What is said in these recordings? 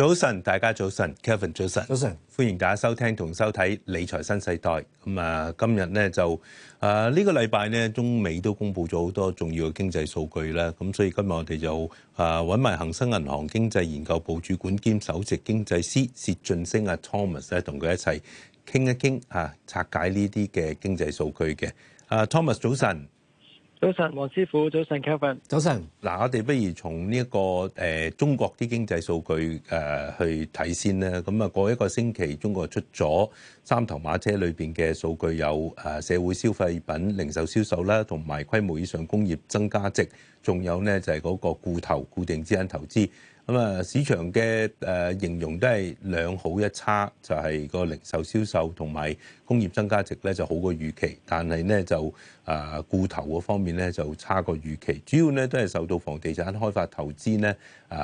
早晨，大家早晨，Kevin 早晨，早晨，歡迎大家收聽同收睇理財新世代。咁啊，今日咧就啊呢、呃呢個禮拜咧，中美都公布咗好多重要嘅經濟數據啦。咁所以今日我哋就啊揾埋恒生銀行經濟研究部主管兼首席經濟師薜俊昇阿 Thomas 咧，同佢一齊傾一傾啊，拆解呢啲嘅經濟數據嘅。阿、啊、Thomas 早晨。早晨，王師傅。早晨，Kevin。早晨，嗱，我哋不如從呢一個，誒，中國啲經濟數據，誒，去睇先啦。咁啊，過一個星期，中國出咗三頭馬車裏邊嘅數據有，誒，社會消費品零售銷售啦，同埋規模以上工業增加值，仲有呢，就係嗰個固投固定資產投資。咁啊，市場嘅誒，形容都係兩好一差，就係個零售銷售同埋，工業增加值咧就好過預期，但係咧就啊固投嗰方面咧就差過預期，主要咧都係受到房地產開發投資咧啊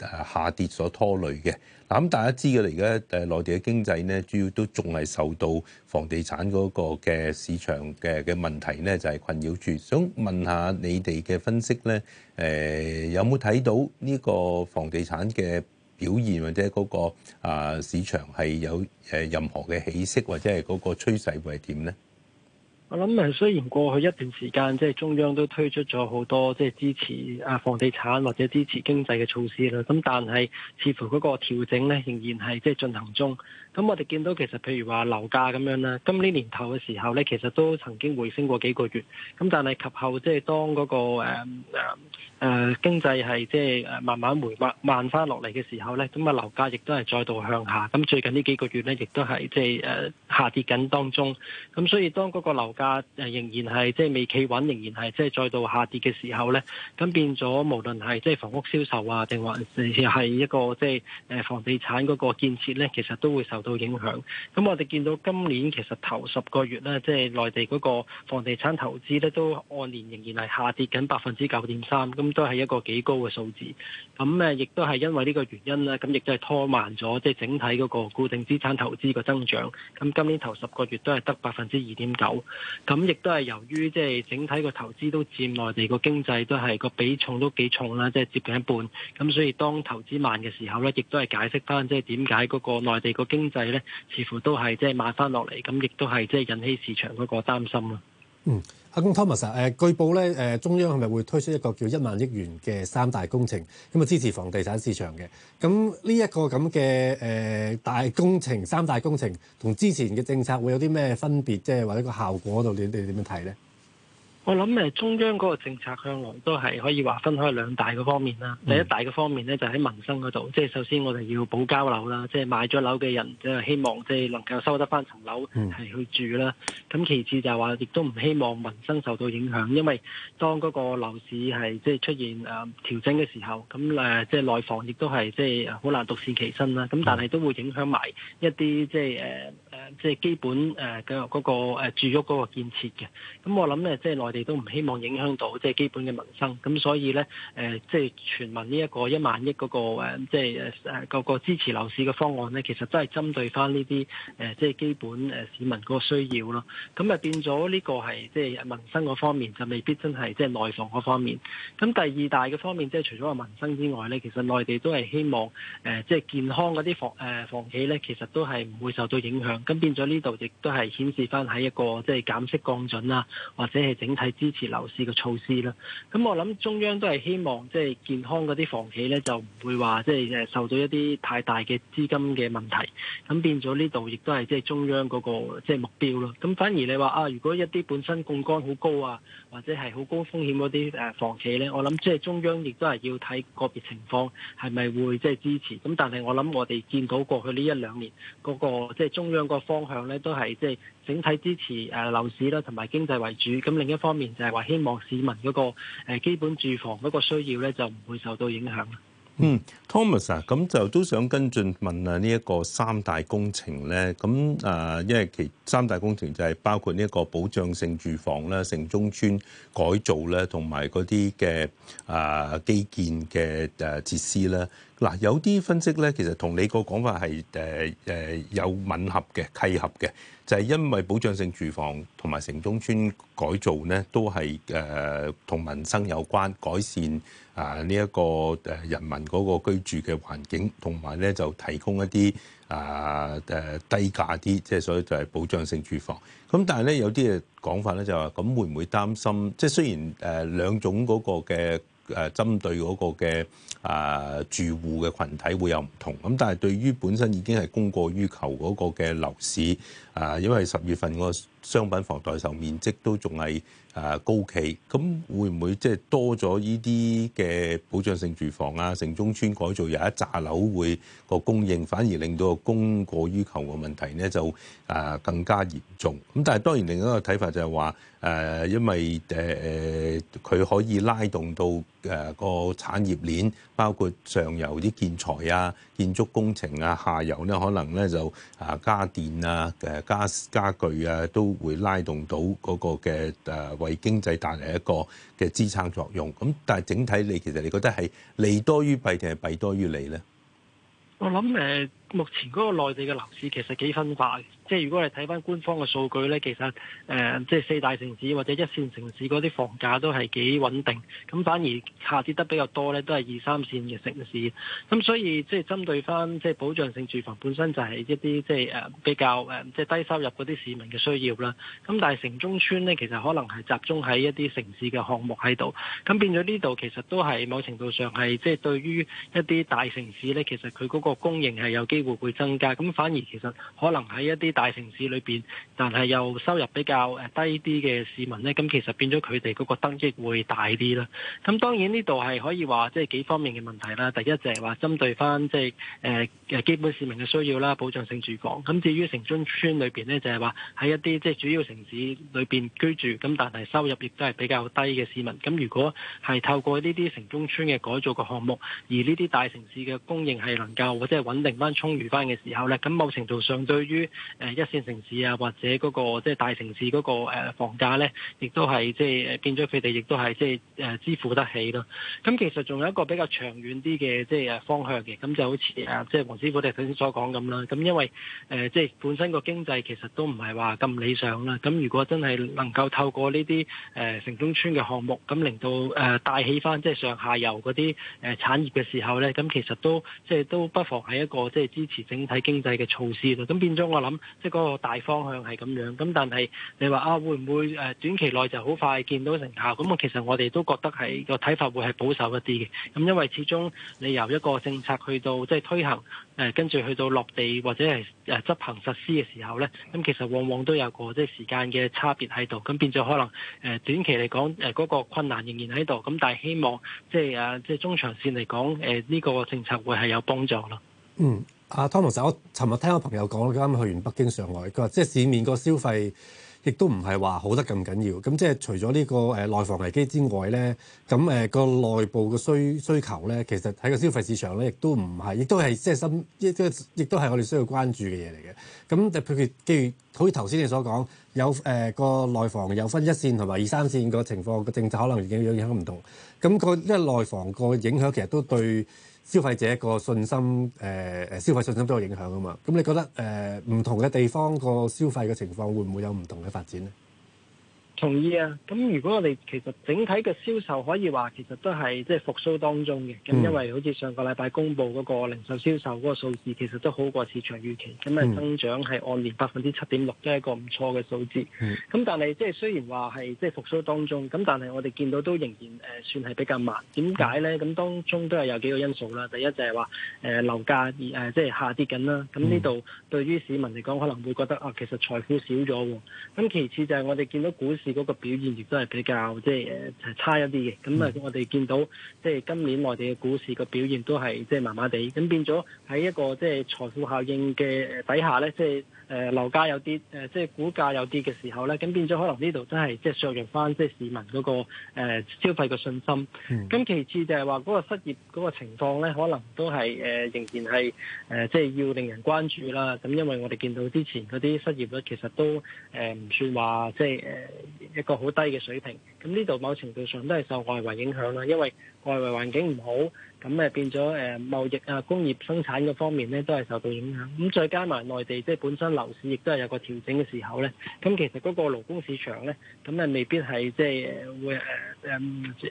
啊下跌所拖累嘅。嗱咁大家知嘅，而家誒內地嘅經濟咧，主要都仲係受到房地產嗰個嘅市場嘅嘅問題咧，就係、是、困擾住。想問下你哋嘅分析咧，誒、呃、有冇睇到呢個房地產嘅？表現或者嗰個啊市場係有誒任何嘅起色或者係嗰個趨勢會係點呢？我諗誒，雖然過去一段時間即係、就是、中央都推出咗好多即係支持啊房地產或者支持經濟嘅措施啦，咁但係似乎嗰個調整呢仍然係即係進行中。咁我哋見到其實譬如話樓價咁樣啦，今年年頭嘅時候呢，其實都曾經回升過幾個月。咁但係及後即係當嗰、那個誒、嗯誒經濟係即係慢慢回慢慢翻落嚟嘅時候呢，咁啊樓價亦都係再度向下。咁最近呢幾個月呢，亦都係即係下跌緊當中。咁所以當嗰個樓價仍然係即係未企穩，仍然係即係再度下跌嘅時候呢，咁變咗無論係即係房屋銷售啊，定還是係一個即係房地產嗰個建設呢，其實都會受到影響。咁我哋見到今年其實頭十個月呢，即係內地嗰個房地產投資呢，都按年仍然係下跌緊百分之九點三咁。都係一個幾高嘅數字，咁誒，亦都係因為呢個原因咧，咁亦都係拖慢咗即係整體嗰個固定資產投資個增長。咁今年頭十個月都係得百分之二點九，咁亦都係由於即係整體個投資都佔內地個經濟都係個比重都幾重啦，即係接近一半。咁所以當投資慢嘅時候咧，亦都係解釋翻即係點解嗰個內地個經濟咧，似乎都係即係慢翻落嚟，咁亦都係即係引起市場嗰個擔心啦。嗯，阿公 Thomas 啊、呃，據報咧、呃、中央係咪會推出一個叫一萬億元嘅三大工程咁啊，支持房地產市場嘅，咁呢一個咁嘅誒大工程三大工程同之前嘅政策會有啲咩分別，即係或者一個效果度你你點樣睇咧？我諗誒，中央嗰個政策向來都係可以話分開兩大個方面啦。嗯、第一大個方面咧，就喺、是、民生嗰度，即係首先我哋要保交樓啦，即係買咗樓嘅人，即係希望即係能夠收得翻層樓係去住啦。咁、嗯、其次就係話，亦都唔希望民生受到影響，因為當嗰個樓市係即係出現誒調整嘅時候，咁誒即係內房亦都係即係好難獨善其身啦。咁但係都會影響埋一啲即係誒。呃即係基本誒嘅嗰個住屋嗰個建設嘅，咁我諗咧，即係內地都唔希望影響到即係基本嘅民生，咁所以咧誒，即係全民呢一個一萬億嗰個即係誒個個支持樓市嘅方案咧，其實都係針對翻呢啲即係基本市民嗰個需要咯。咁啊變咗呢個係即係民生嗰方面，就未必真係即係內房嗰方面。咁第二大嘅方面，即係除咗話民生之外咧，其實內地都係希望即係健康嗰啲房誒房企咧，其實都係唔會受到影響。咁變咗呢度亦都係顯示翻喺一個即係減息降準啊，或者係整體支持樓市嘅措施啦。咁我諗中央都係希望即係健康嗰啲房企呢，就唔會話即係受到一啲太大嘅資金嘅問題。咁變咗呢度亦都係即係中央嗰個即係目標咯。咁反而你話啊，如果一啲本身槓桿好高啊，或者係好高風險嗰啲誒房企呢，我諗即係中央亦都係要睇個別情況係咪會即係支持。咁但係我諗我哋見到過去呢一兩年嗰個即係中央個方向呢，都係即係整體支持誒樓市啦，同埋經濟為主。咁另一方面就係話希望市民嗰個誒基本住房嗰個需要呢，就唔會受到影響。嗯，Thomas 啊，咁就都想跟進問啊呢一下個三大工程咧，咁、啊、因為其三大工程就係包括呢一個保障性住房啦、城中村改造啦，同埋嗰啲嘅啊基建嘅誒設施啦。嗱、啊，有啲分析咧，其實同你個講法係、啊、有吻合嘅契合嘅。就係因為保障性住房同埋城中村改造咧，都係誒同民生有關，改善啊呢一個誒人民嗰個居住嘅環境，同埋咧就提供一啲啊誒低價啲，即係所以就係保障性住房。咁但係咧有啲嘢講法咧，就話咁會唔會擔心？即係雖然誒兩種嗰個嘅。誒針對嗰個嘅啊住戶嘅群體會有唔同，咁但係對於本身已經係供過於求嗰個嘅樓市啊，因為十月份個商品房待售面積都仲係誒、啊、高企，咁會唔會即係多咗呢啲嘅保障性住房啊、城中村改造有一紮樓會，會個供應反而令到個供過於求嘅問題呢就誒更加嚴重？咁但係當然另一個睇法就係話誒，因為誒佢、呃、可以拉動到誒、呃、個產業鏈，包括上游啲建材啊、建築工程啊，下游呢，可能呢就啊家電啊、誒家傢俱啊都會拉動到嗰個嘅誒。呃為經濟帶嚟一個嘅支撐作用，咁但係整體你其實你覺得係利多於弊定係弊多於利呢？我諗誒。呃目前嗰個內地嘅樓市其實幾分化嘅，即係如果你睇翻官方嘅數據呢，其實誒即係四大城市或者一線城市嗰啲房價都係幾穩定，咁反而下跌得比較多呢，都係二三線嘅城市。咁所以即係針對翻即係保障性住房，本身就係一啲即係比較誒即係低收入嗰啲市民嘅需要啦。咁但係城中村呢，其實可能係集中喺一啲城市嘅項目喺度，咁變咗呢度其實都係某程度上係即係對於一啲大城市呢，其實佢嗰個供應係有機會唔會增加？咁反而其實可能喺一啲大城市裏邊，但係又收入比較誒低啲嘅市民呢，咁其實變咗佢哋嗰個得益會大啲啦。咁當然呢度係可以話即係幾方面嘅問題啦。第一就係話針對翻即係誒基本市民嘅需要啦，保障性住房。咁至於城中村裏邊呢，就係話喺一啲即係主要城市裏邊居住，咁但係收入亦都係比較低嘅市民。咁如果係透過呢啲城中村嘅改造嘅項目，而呢啲大城市嘅供應係能夠或者係穩定翻充翻嘅時候咧，咁某程度上對於誒一線城市啊，或者嗰個即係大城市嗰個誒房價咧，亦都係即係變咗佢哋亦都係即係誒支付得起咯。咁其實仲有一個比較長遠啲嘅即係誒方向嘅，咁就好似啊，即係黃師傅哋頭先所講咁啦。咁因為誒、呃、即係本身個經濟其實都唔係話咁理想啦。咁如果真係能夠透過呢啲誒城中村嘅項目，咁令到誒帶起翻即係上下游嗰啲誒產業嘅時候咧，咁其實都即係都不妨係一個即係。支持整體經濟嘅措施咯，咁變咗我諗，即係嗰個大方向係咁樣。咁但係你話啊，會唔會誒短期內就好快見到成效？咁其實我哋都覺得係個睇法會係保守一啲嘅。咁因為始終你由一個政策去到即係推行，誒跟住去到落地或者係誒執行實施嘅時候咧，咁其實往往都有個即係時間嘅差別喺度。咁變咗可能誒短期嚟講誒嗰個困難仍然喺度。咁但係希望即係啊，即係中長線嚟講，誒呢個政策會係有幫助咯。嗯。阿湯老師，Thomas, 我尋日聽我朋友講，佢啱去完北京上海，佢話即係市面個消費亦都唔係話好得咁緊要。咁即係除咗呢個誒內房危機之外咧，咁誒個內部嘅需需求咧，其實喺個消費市場咧，亦都唔係，亦都係即係深亦都亦都係我哋需要關注嘅嘢嚟嘅。咁就譬如，好似頭先你所講，有誒個內房有分一線同埋二三線個情況，個政策可能已經有啲唔同。咁個一內房個影響其實都對。消費者個信心，誒、呃、消費信心都有影響啊嘛。咁你覺得誒呃、唔同嘅地方個消費嘅情況會唔會有唔同嘅發展咧？同意啊！咁如果我哋其實整體嘅銷售可以話其實都係即係復甦當中嘅，咁、嗯、因為好似上個禮拜公布嗰個零售銷售嗰個數字，其實都好過市場預期，咁啊、嗯、增長係按年百分之七點六，都係一個唔錯嘅數字。咁、嗯、但係即係雖然話係即係復甦當中，咁但係我哋見到都仍然、呃、算係比較慢。點解呢？咁、嗯、當中都係有幾個因素啦。第一就係話誒樓價誒即係下跌緊啦。咁呢度對於市民嚟講可能會覺得啊，其實財富少咗喎。咁其次就係我哋見到股市嗰個表現亦都係比較，即係誒差一啲嘅，咁啊我哋見到即係、即係、今年內地嘅股市個表現都係，即係麻麻哋，咁變咗喺一個即係財富效應嘅底下咧，即係。誒、呃、樓價有跌，誒即係股價有跌嘅時候咧，咁變咗可能呢度都係即係削弱翻即係市民嗰、嗰個、呃、消費嘅信心。咁、嗯、其次就係話嗰個失業嗰個情況咧，可能都係誒、呃、仍然係誒即係要令人關注啦。咁因為我哋見到之前嗰啲失業率其實都誒唔、呃、算話即係誒一個好低嘅水平。咁呢度某程度上都係受外圍影響啦，因為外圍環境唔好。咁誒變咗誒貿易啊、工業生產嗰方面咧都係受到影響，咁再加埋內地即係本身樓市亦都係有個調整嘅時候咧，咁其實嗰個勞工市場咧，咁誒未必係即係會誒誒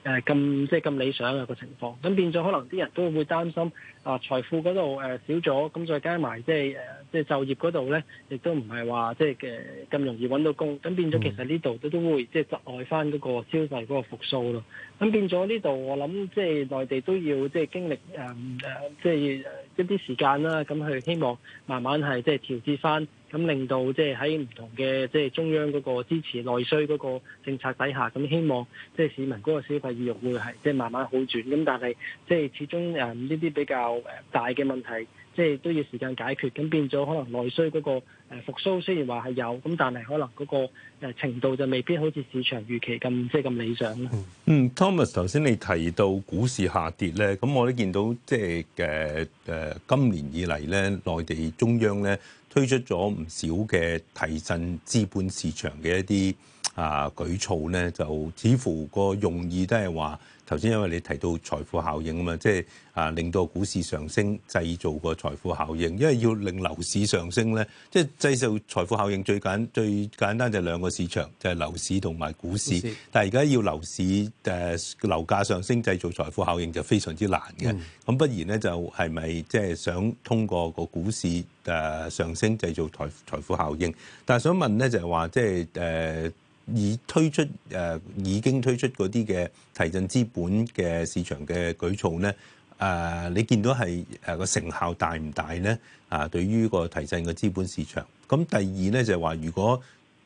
誒咁即係咁理想嘅個情況，咁變咗可能啲人都會擔心啊財富嗰度誒少咗，咁再加埋即係誒。即係就業嗰度咧，亦都唔係話即係嘅咁容易揾到工，咁變咗其實呢度都都會即係窒礙翻嗰個消費嗰個復甦咯。咁變咗呢度，我諗即係內地都要即係經歷、嗯、即係一啲時間啦，咁去希望慢慢係即係調節翻，咁令到即係喺唔同嘅即係中央嗰個支持內需嗰個政策底下，咁希望即係市民嗰個消費意欲會係即係慢慢好轉。咁但係即係始終誒呢啲比較誒大嘅問題。即係都要時間解決，咁變咗可能內需嗰個誒復甦雖然話係有，咁但係可能嗰個誒程度就未必好似市場預期咁即係咁理想咯。嗯，Thomas 頭先你提到股市下跌咧，咁我都見到即係誒誒今年以嚟咧，內地中央咧，推出咗唔少嘅提振資本市場嘅一啲啊舉措咧，就似乎個用意都係話，頭先因為你提到財富效應啊嘛，即係啊令到股市上升，製造個財富效應，因為要令樓市上升咧，即係製造財富效應最簡最簡單就兩個市場，就係樓市同埋股市。書是 但係而家要樓市誒樓價上升製造財富效應就非常之難嘅。咁、嗯、不然咧，就係咪即係想通過個股市？呃、上升製造財財富效應，但係想問咧就係、是、話，即係、呃、已推出、呃、已經推出嗰啲嘅提振資本嘅市場嘅舉措咧、呃，你見到係個、呃、成效大唔大咧？啊、呃，對於個提振嘅資本市場，咁第二咧就係、是、話如果。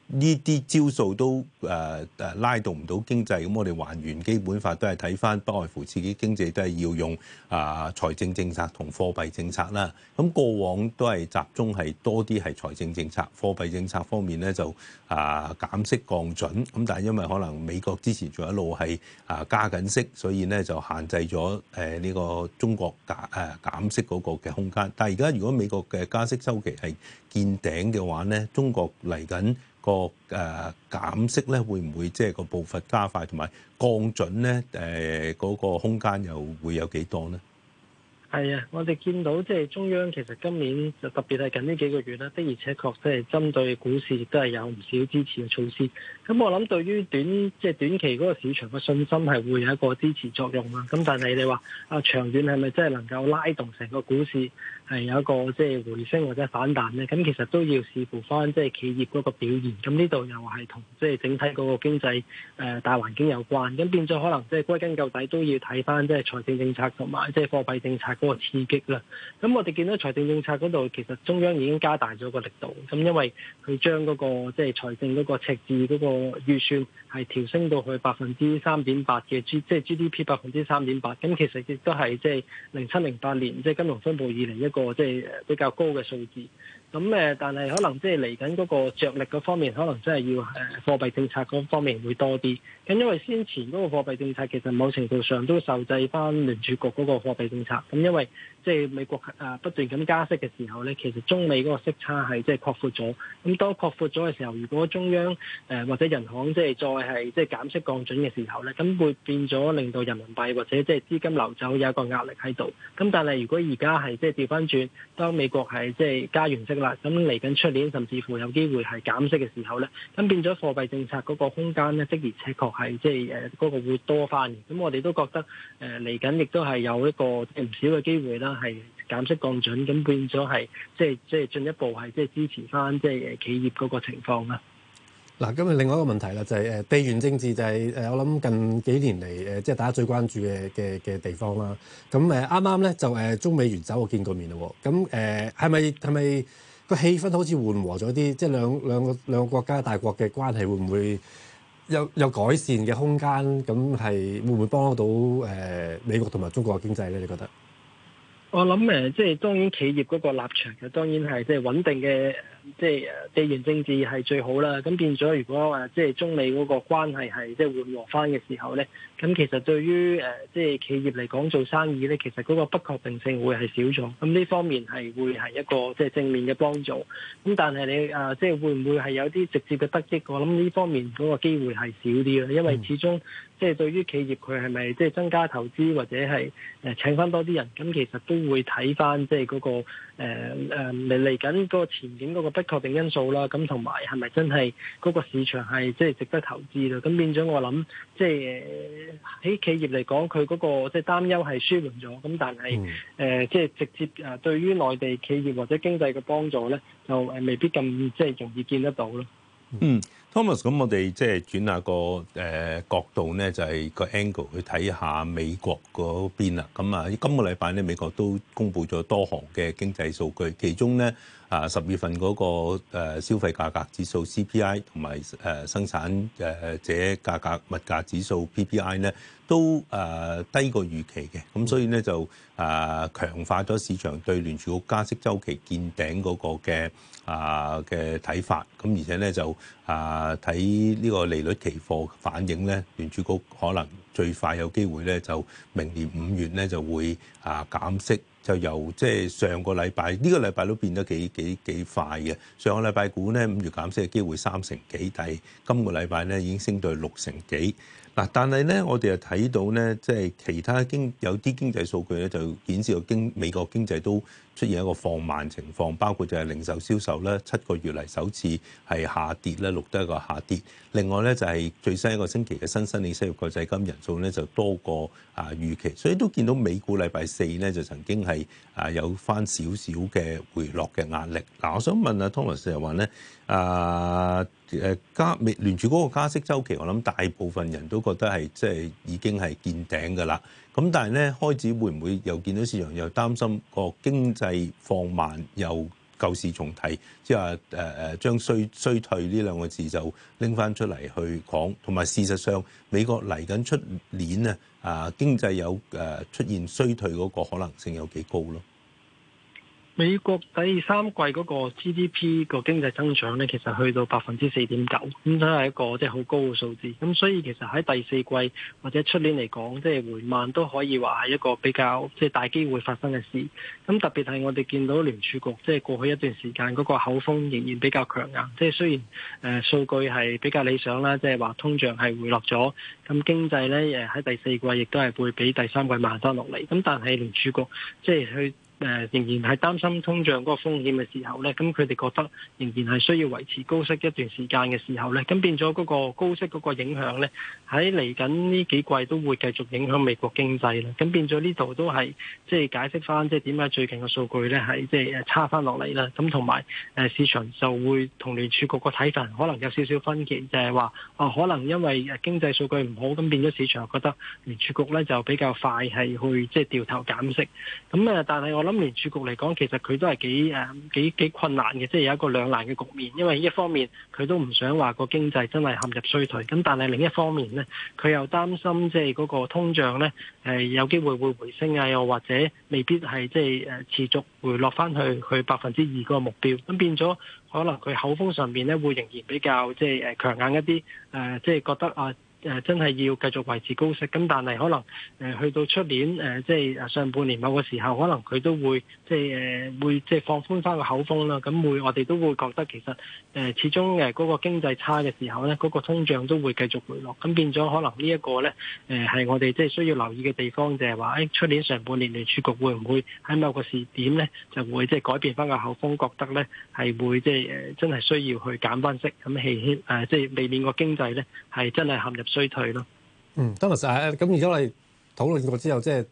呢啲招數都誒、呃、拉動唔到經濟，咁我哋還原基本法都係睇翻不外乎自己經濟都係要用啊、呃、財政政策同貨幣政策啦。咁過往都係集中係多啲係財政政策、貨幣政策方面咧就啊、呃、減息降準。咁但係因為可能美國之前仲一路係啊加緊息，所以咧就限制咗誒呢個中國減誒、呃、減息嗰個嘅空間。但係而家如果美國嘅加息周期係見頂嘅話咧，中國嚟緊，個誒減息咧，會唔會即係個步伐加快，同埋降準咧？誒、那、嗰個空間又會有幾多呢？係啊，我哋見到即係中央其實今年就特別係近呢幾個月啦，的而且確即係針對股市亦都係有唔少支持嘅措施。咁我諗對於短即係、就是、短期嗰個市場嘅信心係會有一個支持作用啦。咁但係你話啊，長遠係咪真係能夠拉動成個股市？係有一個即係回升或者反彈咧，咁其實都要視乎翻即係企業嗰個表現。咁呢度又係同即係整體嗰個經濟誒大環境有關。咁變咗可能即係歸根究底都要睇翻即係財政政策同埋即係貨幣政策嗰個刺激啦。咁我哋見到財政政策嗰度其實中央已經加大咗個力度。咁因為佢將嗰個即係財政嗰個赤字嗰個預算係調升到去百分之三點八嘅 G，即係 GDP 百分之三點八。咁其實亦都係即係零七零八年即係金融風暴二零一。個即係比較高嘅數字，咁誒，但係可能即係嚟緊嗰個着力嗰方面，可能真係要誒貨幣政策嗰方面會多啲。咁因為先前嗰個貨幣政策其實某程度上都受制返聯儲局嗰個貨幣政策。咁因為即係美國不斷咁加息嘅時候咧，其實中美嗰個息差係即係擴闊咗。咁當擴闊咗嘅時候，如果中央誒或者人行即係再係即係減息降準嘅時候咧，咁會變咗令到人民幣或者即係資金流走有一個壓力喺度。咁但係如果而家係即係調翻轉，當美國係即係加完息啦，咁嚟緊出年甚至乎有機會係減息嘅時候咧，咁變咗貨幣政策嗰個空間咧，的而且確係即係嗰個會多翻。咁我哋都覺得誒嚟緊亦都係有一個唔少嘅機會啦。係減息降準，咁變咗係即係即係進一步係即係支持返即係企業嗰個情況啦。嗱，今日另外一個問題啦，就係、是、誒地緣政治就係、是、誒我諗近幾年嚟誒，即、就、係、是、大家最關注嘅嘅嘅地方啦。咁誒啱啱咧就誒中美元首我見過面喎。咁誒係咪係咪個氣氛好似緩和咗啲？即係兩兩個兩個國家大國嘅關係會唔會有有改善嘅空間？咁係會唔會幫到誒、呃、美國同埋中國嘅經濟咧？你覺得？我諗誒，即係當然企業嗰個立場就當然係即係穩定嘅，即係地緣政治係最好啦。咁變咗，如果誒即係中美嗰個關係係即係緩和翻嘅時候咧，咁其實對於誒即係企業嚟講做生意咧，其實嗰個不確定性會係少咗，咁呢方面係會係一個即係正面嘅幫助。咁但係你誒即係會唔會係有啲直接嘅得益？我諗呢方面嗰個機會係少啲咯，因為始終，嗯。即係對於企業佢係咪即係增加投資或者係誒請翻多啲人？咁其實都會睇翻即係嗰個誒嚟嚟緊嗰個前景嗰個不確定因素啦。咁同埋係咪真係嗰個市場係即係值得投資咧？咁變咗我諗、即係，即係喺企業嚟講，佢嗰個即係擔憂係舒緩咗。咁但係誒即係直接誒，對於內地企業或者經濟嘅幫助咧，就誒未必咁即係容易見得到咯。嗯。Thomas，咁我哋即係轉下個誒角度咧，就係個 angle 去睇下美國嗰邊啦。咁啊，今個禮拜咧，美國都公布咗多項嘅經濟數據，其中咧。啊，十月份嗰個、啊、消費價格指數 CPI 同埋誒、啊、生產誒者價格物價指數 PPI 咧，都誒、啊、低過預期嘅，咁所以咧就誒、啊、強化咗市場對聯儲局加息週期見頂嗰個嘅啊嘅睇法，咁、啊、而且咧就啊睇呢個利率期貨反應咧，聯儲局可能最快有機會咧就明年五月咧就會啊減息。就由即係上個禮拜呢、呢個禮拜都變得幾幾幾快嘅。上個禮拜估咧五月減息嘅機會三成幾低，但今個禮拜咧已經升到六成幾。嗱，但係咧，我哋又睇到咧，即係其他經有啲經濟數據咧，就顯示個美國經濟都出現一個放慢情況，包括就係零售銷售咧，七個月嚟首次係下跌咧，錄得一個下跌。另外咧，就係最新一個星期嘅新申請失業救濟金人數咧，就多過啊預期，所以都見到美股禮拜四咧，就曾經係啊有翻少少嘅回落嘅壓力。嗱，我想問啊 Thomas 又話咧。啊誒、呃、加美聯儲嗰個加息周期，我諗大部分人都覺得係即係已經係見頂㗎啦。咁但係咧，開始會唔會又見到市場又擔心個經濟放慢，又舊事重提，即係話誒誒將衰衰退呢兩個字就拎翻出嚟去講。同埋事實上，美國嚟緊出年啊，啊經濟有誒、啊、出現衰退嗰個可能性有幾高咯？美國第三季嗰個 GDP 個經濟增長呢，其實去到百分之四點九，咁都係一個即係好高嘅數字。咁所以其實喺第四季或者出年嚟講，即係緩慢都可以話係一個比較即係大機會發生嘅事。咁特別係我哋見到聯儲局即係、就是、過去一段時間嗰個口風仍然比較強硬。即、就、係、是、雖然誒、呃、數據係比較理想啦，即係話通脹係回落咗，咁經濟呢，誒喺第四季亦都係會比第三季慢返落嚟。咁但係聯儲局即係佢。就是誒仍然係擔心通脹嗰個風險嘅時候呢，咁佢哋覺得仍然係需要維持高息一段時間嘅時候呢。咁變咗嗰個高息嗰個影響呢，喺嚟緊呢幾季都會繼續影響美國經濟啦。咁變咗呢度都係即係解釋翻，即係點解最近嘅數據呢係即係差翻落嚟啦。咁同埋誒市場就會同聯儲局個睇法可能有少少分歧，就係話哦，可能因為經濟數據唔好，咁變咗市場覺得聯儲局呢就比較快係去即係掉頭減息。咁但係我。我諗聯儲局嚟講，其實佢都係幾誒幾幾困難嘅，即係有一個兩難嘅局面。因為一方面佢都唔想話個經濟真係陷入衰退，咁但係另一方面呢，佢又擔心即係嗰個通脹呢，誒有機會會回升啊，又或者未必係即係誒持續回落翻去去百分之二嗰個目標，咁變咗可能佢口風上面呢，會仍然比較即係誒強硬一啲，誒即係覺得啊。呃誒真係要繼續維持高息，咁但係可能誒、呃、去到出年誒，即、呃、係上半年某個時候，可能佢都會即係誒會即係放寬翻個口風啦。咁會我哋都會覺得其實誒、呃、始終誒嗰個經濟差嘅時候咧，嗰、嗰個通脹都會繼續回落。咁變咗可能呢一個咧誒係我哋即係需要留意嘅地方，就係話誒出年上半年聯儲局會唔會喺某個時點咧就會即係改變翻個口風，覺得咧係會即係、呃、真係需要去減翻息，咁係誒即係避免個經濟咧係真係陷入衰退咯。嗯，都係咁。而家我哋討論過之後，即係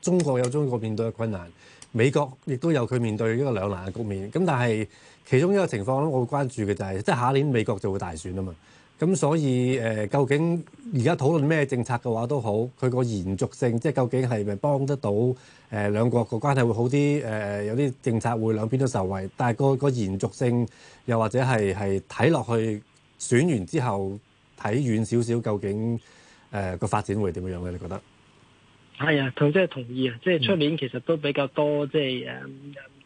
中國有中國面對嘅困難，美國亦都有佢面對呢個兩難嘅局面。咁但係其中一個情況咧，我會關注嘅就係，即係下年美國就會大選啊嘛。咁所以誒，究竟而家討論咩政策嘅話都好，佢個延續性，即係究竟係咪幫得到誒兩國個關係會好啲？誒有啲政策會兩邊都受惠，但係個個延續性又或者係係睇落去選完之後。睇遠少少，究竟誒個、呃、發展會點樣咧？你覺得？係啊，同即係同意啊！即係出年其實都比較多，即係誒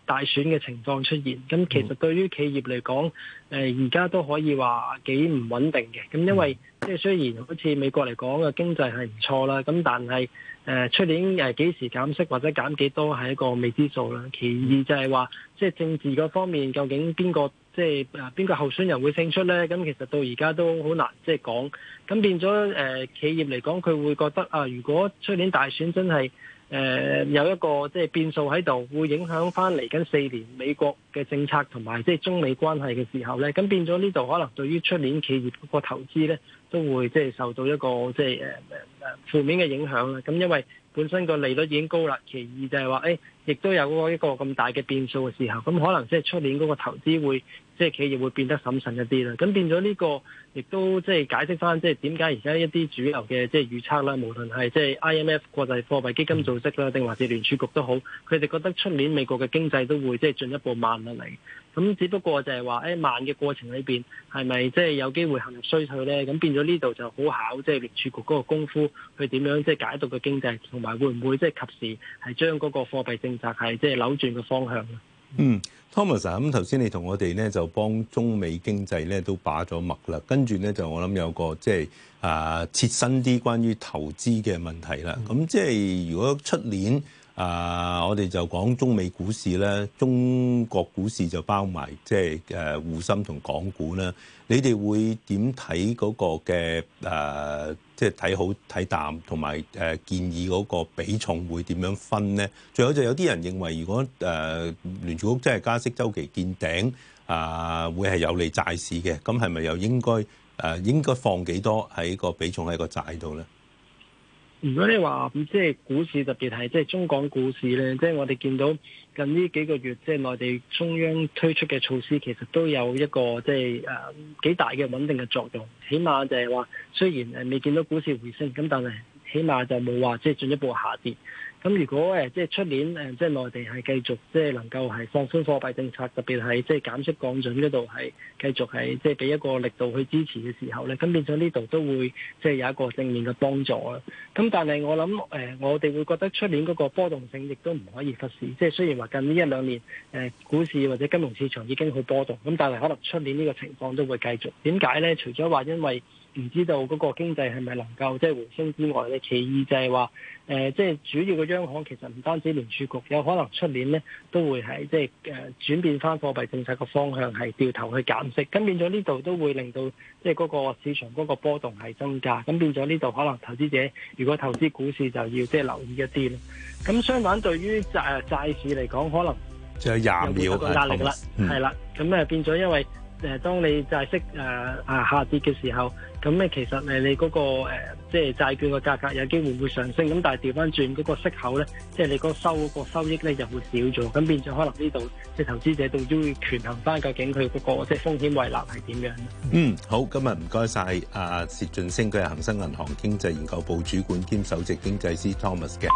大選嘅情況出現。咁其實對於企業嚟講，誒而家都可以話幾唔穩定嘅。咁因為即係、嗯、雖然好似美國嚟講嘅經濟係唔錯啦，咁但係誒出年誒幾時減息或者減幾多係一個未知數啦。其二就係話，即係政治嗰方面究竟邊個？即係誒邊個候選人會勝出呢？咁其實到而家都好難即係、呃、講。咁變咗誒企業嚟講，佢會覺得啊，如果出年大選真係誒、呃、有一個即係變數喺度，會影響翻嚟緊四年美國嘅政策同埋即係中美關係嘅時候呢，咁變咗呢度可能對於出年企業嗰個投資呢。都會即係受到一個即係誒負面嘅影響啦。咁因為本身個利率已經高啦，其二就係話誒，亦、哎、都有嗰一個咁大嘅變數嘅時候，咁可能即係出年嗰個投資會即係企業會變得審慎一啲啦。咁變咗呢個亦都即係解釋翻即係點解而家一啲主流嘅即係預測啦，無論係即係 IMF 國際貨幣基金組織啦，定還是聯儲局都好，佢哋覺得出年美國嘅經濟都會即係進一步慢落嚟。咁只不過就係話，誒、哎、慢嘅過程裏面係咪即係有機會陷入衰退咧？咁變咗呢度就好考，即係聯儲局嗰個功夫，去點樣即係解讀嘅經濟，同埋會唔會即係及時係將嗰個貨幣政策係即係扭轉嘅方向？嗯，Thomas，咁頭先你同我哋咧就幫中美經濟咧都把咗脈啦，跟住咧就我諗有個即係、就是、啊切身啲關於投資嘅問題啦。咁即係如果出年，啊，我哋就講中美股市咧，中國股市就包埋即係誒滬深同港股啦。你哋會點睇嗰個嘅誒，即係睇好睇淡，同埋誒建議嗰個比重會點樣分咧？仲有就有啲人認為，如果誒、啊、聯儲局即係加息週期見頂，啊會係有利債市嘅，咁係咪又應該誒、啊、應該放幾多喺個比重喺個債度咧？如果你話即係股市特別係即係中港股市呢，即係我哋見到近呢幾個月，即係內地中央推出嘅措施，其實都有一個即係誒幾大嘅穩定嘅作用。起碼就係話，雖然誒未見到股市回升，咁但係起碼就冇話即係進一步下跌。咁如果即出年即係內地係繼續即能夠係放寬貨幣政策，特別係即係減息降準嗰度係繼續係即畀俾一個力度去支持嘅時候咧，咁變咗呢度都會即有一個正面嘅幫助啊。咁但係我諗我哋會覺得出年嗰個波動性亦都唔可以忽視。即係雖然話近呢一兩年股市或者金融市場已經好波動，咁但係可能出年呢個情況都會繼續。點解咧？除咗話因為唔知道嗰個經濟係咪能夠即係回升之外咧，其二就係話誒即係主要嘅央行其實唔單止聯儲局，有可能出年咧都會係即係誒轉變翻貨幣政策嘅方向，係掉頭去減息，咁變咗呢度都會令到即係嗰個市場嗰個波動係增加，咁變咗呢度可能投資者如果投資股市就要即係、就是、留意一啲咯。咁相反對於債，對於債市嚟講，可能就有廿秒壓力噶啦，係啦、嗯，咁誒變咗因為。誒，當你債息誒啊下跌嘅時候，咁誒其實誒你嗰、那個即係、就是、債券個價格有機會會上升，咁但係調翻轉嗰個息口咧，即、就、係、是、你嗰個收嗰、那個、收益咧，就會少咗，咁變咗可能呢度即係投資者度都要權衡翻，究竟佢嗰個即係風險為立係點樣的？嗯，好，今日唔該晒。啊，薜俊昇佢係恒生銀行經濟研究部主管兼首席經濟師 Thomas 嘅。